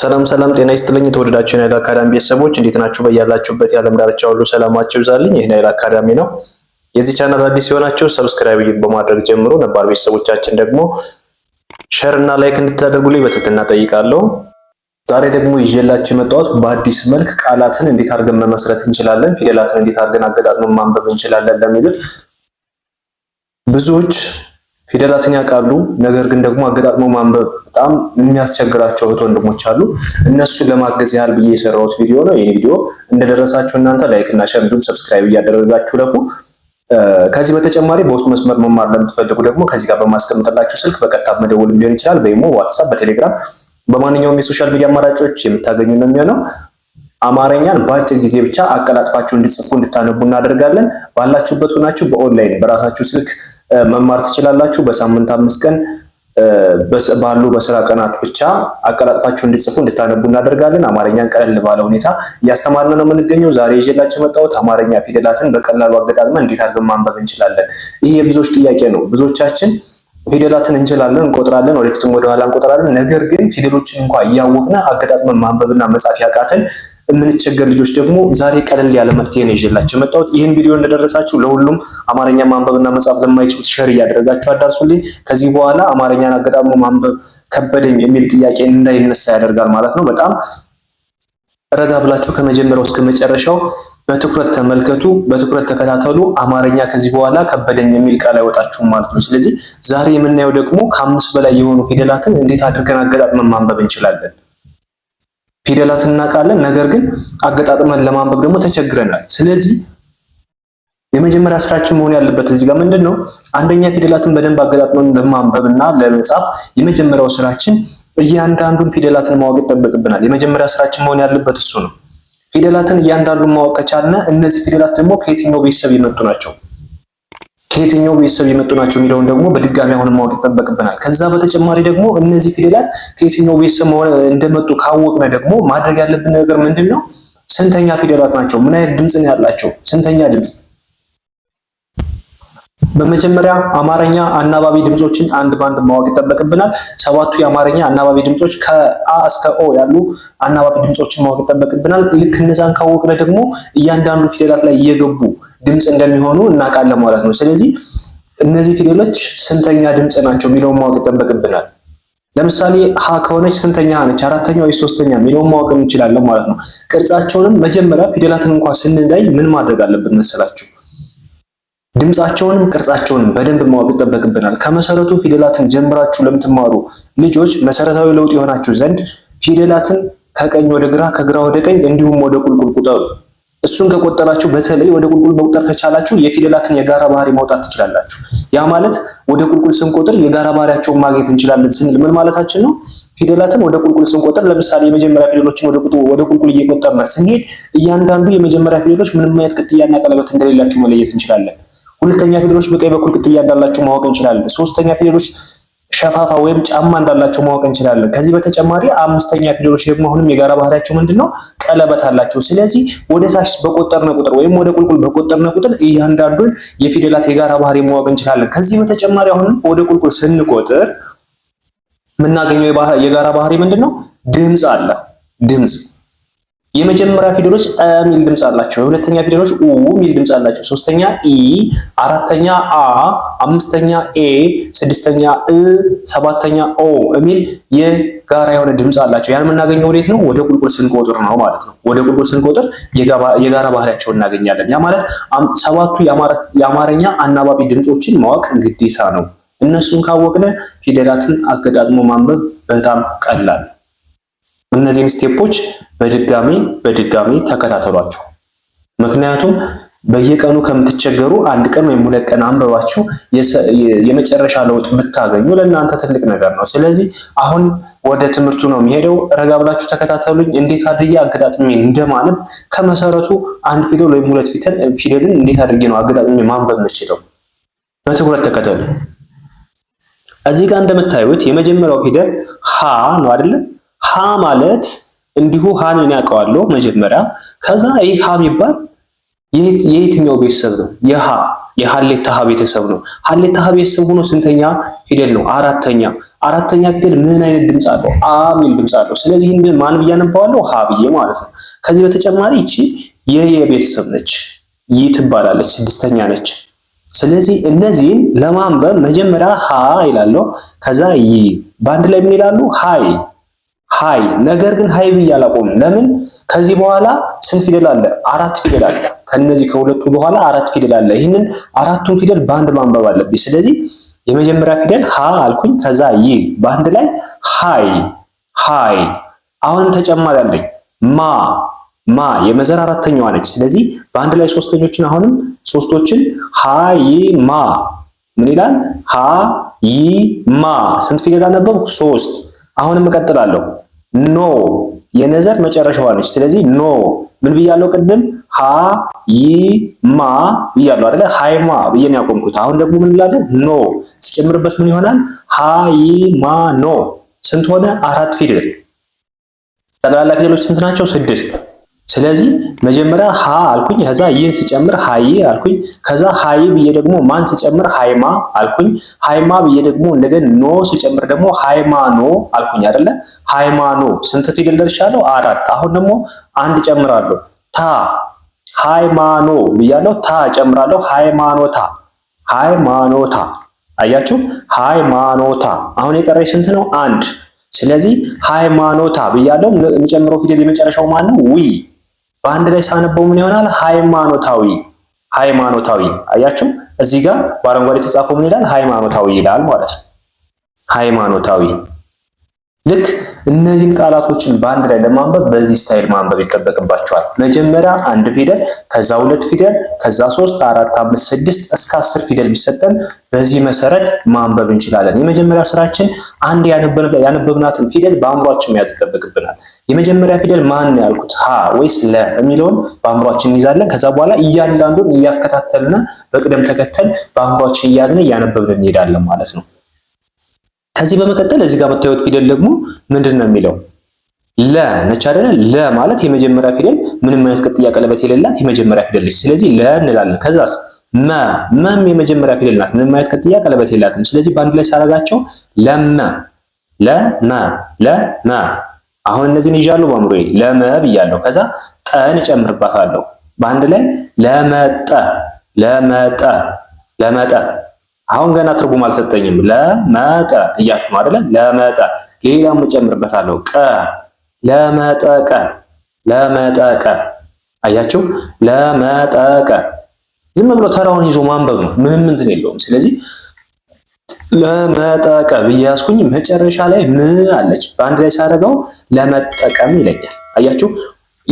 ሰላም ሰላም፣ ጤና ይስጥልኝ የተወደዳችሁ የናይል አካዳሚ ቤተሰቦች እንዴት ናችሁ? በያላችሁበት የዓለም ዳርቻ ሁሉ ሰላማችሁ ይብዛልኝ። ይህ ናይል አካዳሚ ነው። የዚህ ቻናል አዲስ የሆናችሁ ሰብስክራይብ በማድረግ ጀምሩ። ነባር ቤተሰቦቻችን ደግሞ ሸር እና ላይክ እንድታደርጉልኝ በትህትና ጠይቃለሁ። ዛሬ ደግሞ ይዤላችሁ የመጣሁት በአዲስ መልክ ቃላትን እንዴት አድርገን መመስረት እንችላለን፣ ፊደላትን እንዴት አድርገን አገጣጥመን ማንበብ እንችላለን ለሚሉት ብዙዎች ፊደላትን ያውቃሉ፣ ነገር ግን ደግሞ አገጣጥመው ማንበብ በጣም የሚያስቸግራቸው እህት ወንድሞች አሉ። እነሱን ለማገዝ ያህል ብዬ የሰራሁት ቪዲዮ ነው። ይህ ቪዲዮ እንደደረሳችሁ እናንተ ላይክ እና ሸር እንዲሁም ሰብስክራይብ እያደረጋችሁ ለፉ። ከዚህ በተጨማሪ በውስጥ መስመር መማር ለምትፈልጉ ደግሞ ከዚህ ጋር በማስቀምጥላችሁ ስልክ በቀጥታ መደወልም ሊሆን ይችላል። በኢሞ፣ ዋትሳፕ፣ በቴሌግራም በማንኛውም የሶሻል ሚዲያ አማራጮች የምታገኙ ነው የሚሆነው። አማርኛን በአጭር ጊዜ ብቻ አቀላጥፋችሁ እንድጽፉ እንድታነቡ እናደርጋለን። ባላችሁበት ሆናችሁ በኦንላይን በራሳችሁ ስልክ መማር ትችላላችሁ። በሳምንት አምስት ቀን ባሉ በስራ ቀናት ብቻ አቀላጥፋችሁ እንድጽፉ እንድታነቡ እናደርጋለን። አማርኛን ቀለል ባለ ሁኔታ እያስተማርን ነው የምንገኘው። ዛሬ ይዤላችሁ መጣሁት አማርኛ ፊደላትን በቀላሉ አገጣጥመን እንዴት አድርገን ማንበብ እንችላለን። ይህ የብዙዎች ጥያቄ ነው። ብዙዎቻችን ፊደላትን እንችላለን፣ እንቆጥራለን፣ ወደፊትም ወደኋላ እንቆጥራለን። ነገር ግን ፊደሎችን እንኳ እያወቅን አገጣጥመን ማንበብና መጻፍ ያቃተን የምንቸገር ልጆች ደግሞ ዛሬ ቀለል ያለ መፍትሄ ነው ይዤላቸው የመጣሁት። ይህን ቪዲዮ እንደደረሳችሁ ለሁሉም አማርኛ ማንበብና መጻፍ ለማይችሉት ሸር እያደረጋችሁ አዳርሱልኝ። ከዚህ በኋላ አማርኛን አገጣጥሞ ማንበብ ከበደኝ የሚል ጥያቄ እንዳይነሳ ያደርጋል ማለት ነው። በጣም ረጋ ብላችሁ ከመጀመሪያው እስከ መጨረሻው በትኩረት ተመልከቱ፣ በትኩረት ተከታተሉ። አማርኛ ከዚህ በኋላ ከበደኝ የሚል ቃል አይወጣችሁም ማለት ነው። ስለዚህ ዛሬ የምናየው ደግሞ ከአምስት በላይ የሆኑ ፊደላትን እንዴት አድርገን አገጣጥመን ማንበብ እንችላለን ፊደላትን እናውቃለን፣ ነገር ግን አገጣጥመን ለማንበብ ደግሞ ተቸግረናል። ስለዚህ የመጀመሪያ ስራችን መሆን ያለበት እዚህ ጋር ምንድን ነው? አንደኛ ፊደላትን በደንብ አገጣጥመን ለማንበብ እና ለመጻፍ የመጀመሪያው ስራችን እያንዳንዱን ፊደላትን ማወቅ ይጠበቅብናል። የመጀመሪያ ስራችን መሆን ያለበት እሱ ነው። ፊደላትን እያንዳንዱን ማወቅ ከቻልን እነዚህ ፊደላት ደግሞ ከየትኛው ቤተሰብ የመጡ ናቸው ከየትኛው ቤተሰብ የመጡ ናቸው የሚለውን ደግሞ በድጋሚ አሁን ማወቅ ይጠበቅብናል። ከዛ በተጨማሪ ደግሞ እነዚህ ፊደላት ከየትኛው ቤተሰብ እንደመጡ ካወቅነ ደግሞ ማድረግ ያለብን ነገር ምንድን ነው? ስንተኛ ፊደላት ናቸው? ምን አይነት ድምፅ ነው ያላቸው? ስንተኛ ድምፅ? በመጀመሪያ አማርኛ አናባቢ ድምጾችን አንድ ባንድ ማወቅ ይጠበቅብናል። ሰባቱ የአማርኛ አናባቢ ድምጾች ከአ እስከ ኦ ያሉ አናባቢ ድምጾችን ማወቅ ይጠበቅብናል። ልክ እነዛን ካወቅነ ደግሞ እያንዳንዱ ፊደላት ላይ እየገቡ ድምፅ እንደሚሆኑ እናውቃለን ማለት ነው። ስለዚህ እነዚህ ፊደሎች ስንተኛ ድምፅ ናቸው የሚለውን ማወቅ ይጠበቅብናል። ለምሳሌ ሀ ከሆነች ስንተኛ ነች? አራተኛ ወይ ሶስተኛ የሚለውን ማወቅ እንችላለን ማለት ነው። ቅርጻቸውንም መጀመሪያ ፊደላትን እንኳን ስንለይ ምን ማድረግ አለብን መሰላችሁ? ድምፃቸውንም ቅርጻቸውንም በደንብ ማወቅ ይጠበቅብናል። ከመሰረቱ ፊደላትን ጀምራችሁ ለምትማሩ ልጆች መሰረታዊ ለውጥ የሆናችሁ ዘንድ ፊደላትን ከቀኝ ወደ ግራ፣ ከግራ ወደ ቀኝ እንዲሁም ወደ ቁልቁል ቁጠሩ። እሱን ከቆጠራችሁ በተለይ ወደ ቁልቁል መቁጠር ከቻላችሁ የፊደላትን የጋራ ባህሪ ማውጣት ትችላላችሁ። ያ ማለት ወደ ቁልቁል ስንቆጥር የጋራ ባህሪያቸውን ማግኘት እንችላለን ስንል ምን ማለታችን ነው? ፊደላትን ወደ ቁልቁል ስንቆጥር ለምሳሌ የመጀመሪያ ፊደሎችን ወደ ቁልቁል እየቆጠርን ስንሄድ እያንዳንዱ የመጀመሪያ ፊደሎች ምንም አይነት ቅጥያና ቀለበት እንደሌላቸው መለየት እንችላለን። ሁለተኛ ፊደሎች በቀኝ በኩል ቅጥያ እንዳላቸው ማወቅ እንችላለን። ሶስተኛ ፊደሎች ሸፋፋ ወይም ጫማ እንዳላቸው ማወቅ እንችላለን። ከዚህ በተጨማሪ አምስተኛ ፊደሎች ደግሞ አሁንም የጋራ ባህሪያቸው ምንድን ነው? ቀለበት አላቸው። ስለዚህ ወደ ታች በቆጠርነ ቁጥር ወይም ወደ ቁልቁል በቆጠርነ ቁጥር እያንዳንዱን የፊደላት የጋራ ባህሪ ማወቅ እንችላለን። ከዚህ በተጨማሪ አሁንም ወደ ቁልቁል ስንቆጥር የምናገኘው የጋራ ባህሪ ምንድን ነው? ድምፅ አለ። ድምፅ የመጀመሪያ ፊደሎች እ ሚል ድምፅ አላቸው። የሁለተኛ ፊደሎች ኡ ሚል ድምፅ አላቸው። ሶስተኛ ኢ፣ አራተኛ አ፣ አምስተኛ ኤ፣ ስድስተኛ እ፣ ሰባተኛ ኦ የሚል የጋራ የሆነ ድምፅ አላቸው። ያን የምናገኘው ወዴት ነው? ወደ ቁልቁል ስንቆጥር ነው ማለት ነው። ወደ ቁልቁል ስንቆጥር የጋራ ባህሪያቸው እናገኛለን። ያ ማለት ሰባቱ የአማርኛ አናባቢ ድምፆችን ማወቅ ግዴታ ነው። እነሱን ካወቅነ ፊደላትን አገጣጥሞ ማንበብ በጣም ቀላል እነዚህን ስቴፖች በድጋሚ በድጋሚ ተከታተሏቸው። ምክንያቱም በየቀኑ ከምትቸገሩ አንድ ቀን ወይም ሁለት ቀን አንብባችሁ የመጨረሻ ለውጥ ብታገኙ ለእናንተ ትልቅ ነገር ነው። ስለዚህ አሁን ወደ ትምህርቱ ነው የሚሄደው። ረጋ ብላችሁ ተከታተሉኝ። እንዴት አድርጌ አገጣጥሜ እንደማነብ ከመሰረቱ አንድ ፊደል ወይም ሁለት ፊደልን እንዴት አድርጌ ነው አገጣጥሜ ማንበብ የምችለው፣ በትኩረት ተከተሉ። እዚህ ጋር እንደምታዩት የመጀመሪያው ፊደል ሀ ነው አይደለ? ሀ ማለት እንዲሁ ሀን እኔ አውቀዋለሁ መጀመሪያ። ከዛ ይህ ሀ የሚባል የየትኛው ቤተሰብ ነው? የሀ የሀሌታ ሀ ቤተሰብ ነው። ሀሌታ ሀ ቤተሰብ ሆኖ ስንተኛ ፊደል ነው? አራተኛ። አራተኛ ፊደል ምን አይነት ድምፅ አለው? አ የሚል ድምፅ አለው። ስለዚህ ይህን ማን ብዬ አነባዋለሁ? ሀ ብዬ ማለት ነው። ከዚህ በተጨማሪ ይቺ የየ ቤተሰብ ነች፣ ይትባላለች ትባላለች፣ ስድስተኛ ነች። ስለዚህ እነዚህን ለማንበብ መጀመሪያ ሀ ይላለሁ፣ ከዛ ይ፣ በአንድ ላይ ምን ይላሉ? ሀይ ሀይ። ነገር ግን ሀይ ብዬ አላቆምም። ለምን? ከዚህ በኋላ ስንት ፊደል አለ? አራት ፊደል አለ። ከነዚህ ከሁለቱ በኋላ አራት ፊደል አለ። ይህንን አራቱን ፊደል በአንድ ማንበብ አለብኝ። ስለዚህ የመጀመሪያ ፊደል ሀ አልኩኝ። ከዛ ይ በአንድ ላይ ሀይ ሀይ። አሁን ተጨማሪ አለኝ ማ ማ የመዘር አራተኛዋ ነች። ስለዚህ በአንድ ላይ ሶስተኞችን አሁንም ሶስቶችን ሀይ ማ ምን ይላል? ሀይ ማ ስንት ፊደል አነበብኩ? ሶስት። አሁንም እቀጥላለሁ። ኖ የነዘር መጨረሻዋ ነች። ስለዚህ ኖ ምን ብያለው ቅድም? ሀ ይ ማ ብያለው አይደለ? ሃይማ ብዬ ነው ያቆምኩት። አሁን ደግሞ ምን እንላለን? ኖ ስጨምርበት ምን ይሆናል? ሀ ይ ማ ኖ። ስንት ሆነ? አራት ፊደል። ጠቅላላ ፊደሎች ስንት ናቸው? ስድስት ስለዚህ መጀመሪያ ሀ አልኩኝ፣ ከዛ ይህን ስጨምር ሀይ አልኩኝ፣ ከዛ ሀይ ብዬ ደግሞ ማን ስጨምር ሃይማ አልኩኝ፣ ሃይማ ብዬ ደግሞ እንደገን ኖ ስጨምር ደግሞ ሃይማ ኖ አልኩኝ አይደለ? ሃይማ ኖ ስንት ፊደል ደርሻለሁ? አራት። አሁን ደግሞ አንድ ጨምራለሁ። ታ ሃይማኖ ብያለሁ፣ ታ ጨምራለሁ። ሃይማኖታ ሃይማኖታ። አያችሁ፣ ሃይማኖታ። አሁን የቀረኝ ስንት ነው? አንድ። ስለዚህ ሃይማኖታ ብያለሁ። የሚጨምረው ፊደል የመጨረሻው ማን ነው? ዊ በአንድ ላይ ሳነበው ምን ይሆናል? ሃይማኖታዊ ሃይማኖታዊ። አያችሁ እዚህ ጋር በአረንጓዴ የተጻፈው ምን ይላል? ሃይማኖታዊ ይላል ማለት ነው። ሃይማኖታዊ ልክ እነዚህን ቃላቶችን በአንድ ላይ ለማንበብ በዚህ ስታይል ማንበብ ይጠበቅባቸዋል። መጀመሪያ አንድ ፊደል፣ ከዛ ሁለት ፊደል፣ ከዛ ሶስት፣ አራት፣ አምስት፣ ስድስት እስከ አስር ፊደል ቢሰጠን በዚህ መሰረት ማንበብ እንችላለን። የመጀመሪያ ስራችን አንድ ያነበብናትን ፊደል በአእምሯችን መያዝ ይጠበቅብናል። የመጀመሪያ ፊደል ማን ያልኩት ሀ ወይስ ለ የሚለውን በአእምሯችን እንይዛለን። ከዛ በኋላ እያንዳንዱን እያከታተልና በቅደም ተከተል በአእምሯችን እያዝን እያነበብን እንሄዳለን ማለት ነው። ከዚህ በመቀጠል እዚህ ጋር የምታዩት ፊደል ደግሞ ምንድን ነው የሚለው ለ ነች አይደለ? ለ ማለት የመጀመሪያ ፊደል ምንም አይነት ቅጥያ ቀለበት የሌላት የመጀመሪያ ፊደል ነች። ስለዚህ ለ እንላለን። ከዛስ መ መም የመጀመሪያ ፊደል ናት። ምንም አይነት ቅጥያ ቀለበት የላትም። ስለዚህ በአንድ ላይ ሳረጋቸው ለመ ለመ ለመ። አሁን እነዚህን ይዣለሁ በአእምሮዬ ለመ ብያለሁ። ከዛ ጠን እጨምርባታለሁ። በአንድ ላይ ለመጠ ለመጠ ለመጠ አሁን ገና ትርጉም አልሰጠኝም። ለመጠ እያልኩ አይደለ? ለመጠ ሌላም እጨምርበታለሁ። ቀ ለመጠቀ ለመጠቀ አያችሁ፣ ለመጠቀ ዝም ብሎ ተራውን ይዞ ማንበብ ነው። ምንም እንትን የለውም። ስለዚህ ለመጠቀ ብያስኩኝ መጨረሻ ላይ ም አለች። በአንድ ላይ ሳደርገው ለመጠቀም ይለኛል። አያችሁ፣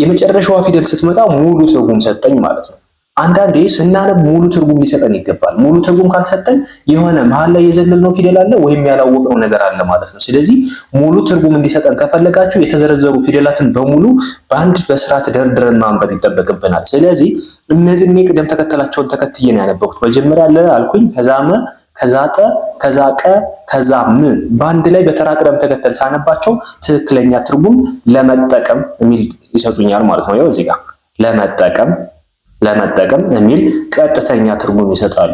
የመጨረሻዋ ፊደል ስትመጣ ሙሉ ትርጉም ሰጠኝ ማለት ነው። አንዳንዴ ስናነብ ሙሉ ትርጉም ሊሰጠን ይገባል። ሙሉ ትርጉም ካልሰጠን የሆነ መሀል ላይ የዘለልነው ፊደል አለ ወይም ያላወቅነው ነገር አለ ማለት ነው። ስለዚህ ሙሉ ትርጉም እንዲሰጠን ከፈለጋችሁ የተዘረዘሩ ፊደላትን በሙሉ በአንድ በስርዓት ደርድረን ማንበብ ይጠበቅብናል። ስለዚህ እነዚህ እኔ ቅደም ተከተላቸውን ተከትዬ ነው ያነበብኩት። መጀመሪያ ለ አልኩኝ፣ ከዛ መ፣ ከዛ ጠ፣ ከዛ ቀ፣ ከዛ ም በአንድ ላይ በተራ ቅደም ተከተል ሳነባቸው ትክክለኛ ትርጉም ለመጠቀም የሚል ይሰጡኛል ማለት ነው። ያው እዚህ ጋር ለመጠቀም ለመጠቀም የሚል ቀጥተኛ ትርጉም ይሰጣሉ።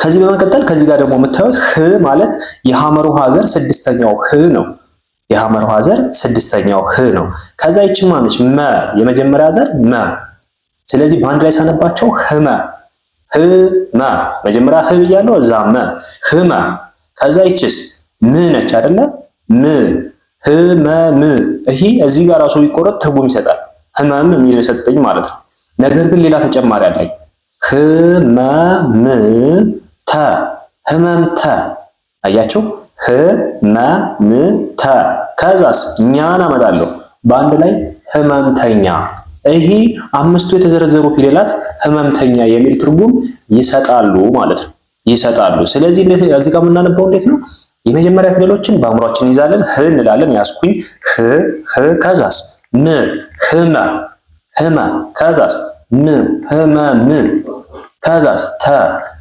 ከዚህ በመቀጠል ከዚህ ጋር ደግሞ የምታዩት ህ ማለት የሐመሩ ሀዘር ስድስተኛው ህ ነው። የሐመሩ ሀዘር ስድስተኛው ህ ነው። ከዛ ይቺ ማነች? መ የመጀመሪያ ዘር መ። ስለዚህ በአንድ ላይ ሳነባቸው ህመ ህመ። መጀመሪያ ህ ብያለሁ፣ እዛ መ ህመ። ከዛ ይችስ ም ነች አይደለ? ም ህመም። ይሄ እዚህ ጋር ራሱ ቢቆረጥ ትርጉም ይሰጣል። ህመም የሚል ሰጠኝ ማለት ነው። ነገር ግን ሌላ ተጨማሪ አለኝ። ህመምተ ህመምተ። አያችሁ ህመምተ። ከዛስ እኛን አመጣለሁ በአንድ ላይ ህመምተኛ። ይሄ አምስቱ የተዘረዘሩ ፊደላት ህመምተኛ የሚል ትርጉም ይሰጣሉ ማለት ነው ይሰጣሉ። ስለዚህ እንዴት እዚህ ጋር የምናነበው እንዴት ነው? የመጀመሪያ ፊደሎችን በአእምሯችን እንይዛለን። ህ እንላለን፣ ያስኩኝ ህ ህ። ከዛስ ም ህመ ህመ ከዛስ ም ህመም ከዛስ ተ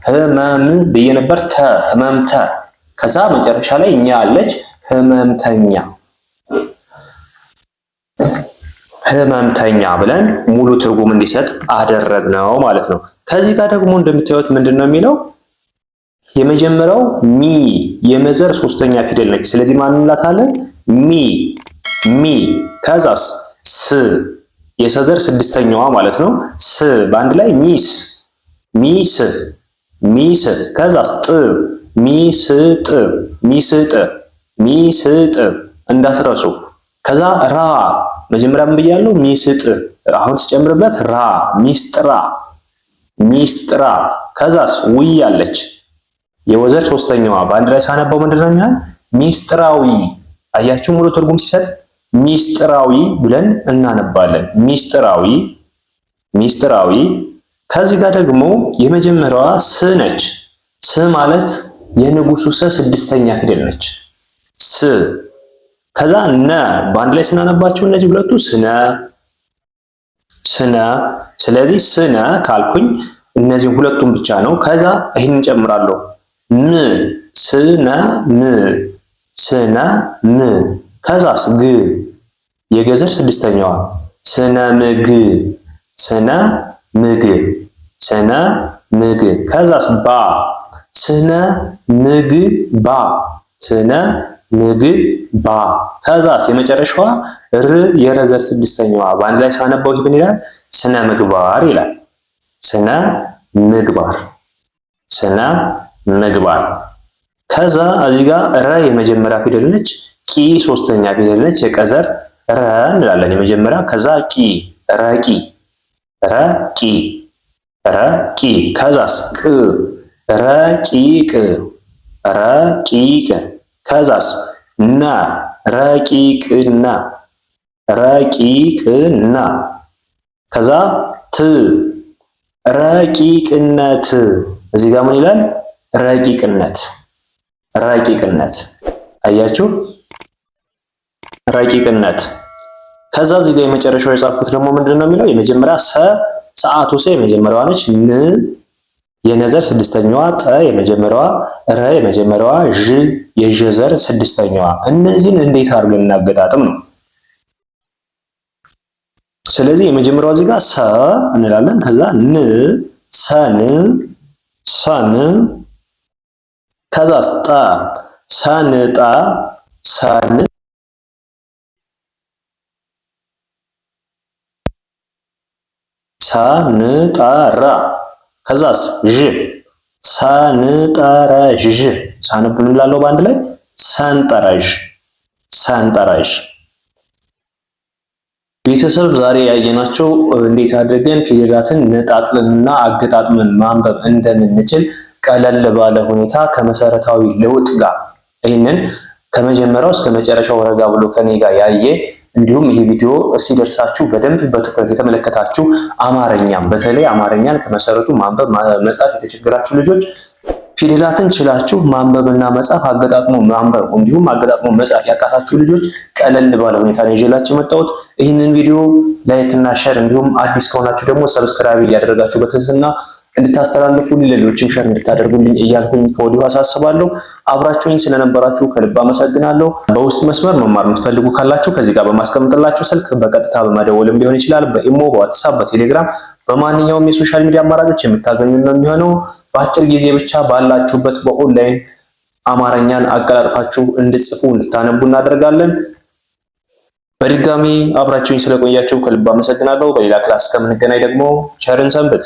ህመም ብዬ ነበር ተ ህመምተ ከዛ መጨረሻ ላይ እኛ አለች ህመምተኛ ህመምተኛ ብለን ሙሉ ትርጉም እንዲሰጥ አደረግነው ማለት ነው። ከዚህ ጋር ደግሞ እንደምታዩት ምንድን ነው የሚለው የመጀመሪያው ሚ የመዘር ሶስተኛ ፊደል ነች። ስለዚህ ማን እንላታለን? ሚ ሚ ከዛስ ስ የሰዘር ስድስተኛዋ ማለት ነው። ስ በአንድ ላይ ሚስ ሚስ ሚስ ከዛስ ጥ ሚስጥ ሚስጥ ሚስጥ እንዳስረሱ። ከዛ ራ መጀመሪያም ብያለሁ ሚስጥ። አሁን ስጨምርበት ራ ሚስጥራ ሚስጥራ። ከዛስ ውይ አለች የወዘር ሶስተኛዋ በአንድ ላይ ሳነባው ምንድነው የሚሆን? ሚስጥራዊ። አያችሁ ሙሉ ትርጉም ሲሰጥ ሚስጥራዊ ብለን እናነባለን። ሚስጥራዊ ሚስጥራዊ። ከዚህ ጋር ደግሞ የመጀመሪያዋ ስ ነች። ስ ማለት የንጉሱ ሰ ስድስተኛ ፊደል ነች። ስ ከዛ ነ በአንድ ላይ ስናነባቸው እነዚህ ሁለቱ ስነ ስነ። ስለዚህ ስነ ካልኩኝ እነዚህ ሁለቱም ብቻ ነው። ከዛ ይህን እንጨምራለሁ ም ስነ ም ስነ ም ከዛስ ግ የገዘር ስድስተኛዋ ስነ ምግ ስነ ምግብ ስነ ምግብ። ከዛስ ባ ስነ ምግብ ባ ስነ ምግብ ባ። ከዛስ የመጨረሻዋ ር የረዘር ስድስተኛዋ በአንድ ላይ ሳነበው ምን ይላል? ስነ ምግባር ይላል። ስነ ምግባር ስነ ምግባር። ከዛ እዚህ ጋር ረ የመጀመሪያ ፊደል ነች። ቂ ሶስተኛ ፊደል ነች። የቀዘር ረ እንላለን የመጀመሪያ ከዛ ቂ ረቂ ረቂ ረቂ ከዛስ ቅ ረቂቅ ረቂቅ ከዛስ ና ረቂቅና ረቂቅና ከዛ ት ረቂቅነት እዚህ ጋር ምን ይላል? ረቂቅነት ረቂቅነት አያችሁ። ረቂቅነት። ከዛ እዚህ ጋር የመጨረሻው የጻፍኩት ደግሞ ምንድን ነው የሚለው የመጀመሪያ ሰ ሰዓቱ ሰ የመጀመሪያዋ ነች። ን የነዘር ስድስተኛዋ፣ ጠ የመጀመሪያዋ፣ ረ የመጀመሪያዋ፣ ዥ የዠዘር ስድስተኛዋ። እነዚህን እንዴት አድርገን እናገጣጥም ነው። ስለዚህ የመጀመሪያዋ እዚህ ጋር ሰ እንላለን። ከዛ ን ሰን ሰን ከዛ ሰን ሰንጣ ሰን ሳንጣራ ከዛስ ዥ ሳንጠረዥ ሳንብ ምን እላለሁ በአንድ ላይ ሰንጠረዥ ሰንጠረዥ። ቤተሰብ ዛሬ ያየናቸው እንዴት አድርገን ፊደላትን ነጣጥለንና አገጣጥመን ማንበብ እንደምንችል ቀለል ባለ ሁኔታ ከመሰረታዊ ለውጥ ጋር ይህንን ከመጀመሪያው እስከ መጨረሻው ረጋ ብሎ ከኔ ጋር ያየ እንዲሁም ይህ ቪዲዮ ሲደርሳችሁ በደንብ በትኩረት የተመለከታችሁ አማርኛም በተለይ አማርኛን ከመሰረቱ ማንበብ መጻፍ የተቸገራችሁ ልጆች ፊደላትን ችላችሁ ማንበብና መጻፍ አገጣጥሞ ማንበብ እንዲሁም አገጣጥሞ መጻፍ ያቃታችሁ ልጆች ቀለል ባለ ሁኔታ ነው ይዤላችሁ የመጣሁት። ይህንን ቪዲዮ ላይክ እና ሼር እንዲሁም አዲስ ከሆናችሁ ደግሞ ሰብስክራይብ እያደረጋችሁ በትህትና እንድታስተላልፉልኝ ሌሎችም ሸር እንድታደርጉልኝ እያልኩኝ ከወዲሁ አሳስባለሁ። አብራችሁኝ ስለነበራችሁ ከልብ አመሰግናለሁ። በውስጥ መስመር መማር የምትፈልጉ ካላችሁ ከዚህ ጋር በማስቀምጥላችሁ ስልክ በቀጥታ በመደወልም ሊሆን ይችላል። በኢሞ፣ በዋትሳፕ፣ በቴሌግራም በማንኛውም የሶሻል ሚዲያ አማራጮች የምታገኙ ነው የሚሆነው። በአጭር ጊዜ ብቻ ባላችሁበት በኦንላይን አማርኛን አቀላጥፋችሁ እንድጽፉ እንድታነቡ እናደርጋለን። በድጋሚ አብራችሁኝ ስለቆያችሁ ከልብ አመሰግናለሁ። በሌላ ክላስ ከምንገናኝ ደግሞ ቸርን ሰንብት።